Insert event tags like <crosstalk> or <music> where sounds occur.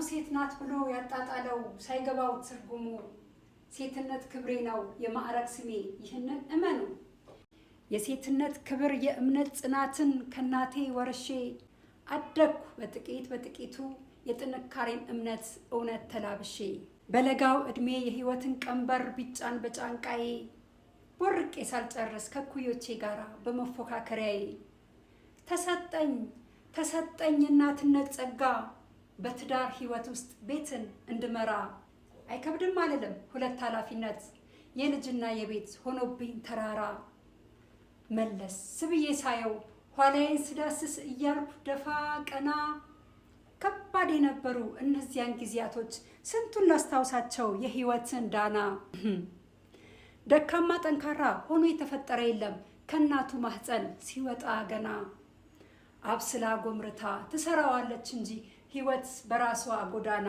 ነው ሴት ናት ብሎ ያጣጣለው ሳይገባው ትርጉሙ ሴትነት ክብሬ ነው የማዕረግ ስሜ። ይህንን እመኑ። የሴትነት ክብር የእምነት ጽናትን ከናቴ ወርሼ አደግኩ በጥቂት በጥቂቱ የጥንካሬን እምነት እውነት ተላብሼ በለጋው ዕድሜ የህይወትን ቀንበር ቢጫን በጫንቃዬ ቦርቄ ሳልጨርስ ከኩዮቼ ጋር በመፎካከሪያዬ ተሰጠኝ ተሰጠኝ እናትነት ጸጋ በትዳር ህይወት ውስጥ ቤትን እንድመራ አይከብድም አልልም። ሁለት ኃላፊነት የልጅና የቤት ሆኖብኝ ተራራ መለስ ስብዬ ሳየው ኋላዬን ስዳስስ እያልኩ ደፋ ቀና ከባድ የነበሩ እነዚያን ጊዜያቶች ስንቱን ላስታውሳቸው የህይወትን ዳና። <clears throat> ደካማ ጠንካራ ሆኖ የተፈጠረ የለም ከእናቱ ማህፀን ሲወጣ ገና አብስላ ጎምርታ ትሰራዋለች እንጂ ህይወት በራሷ ጎዳና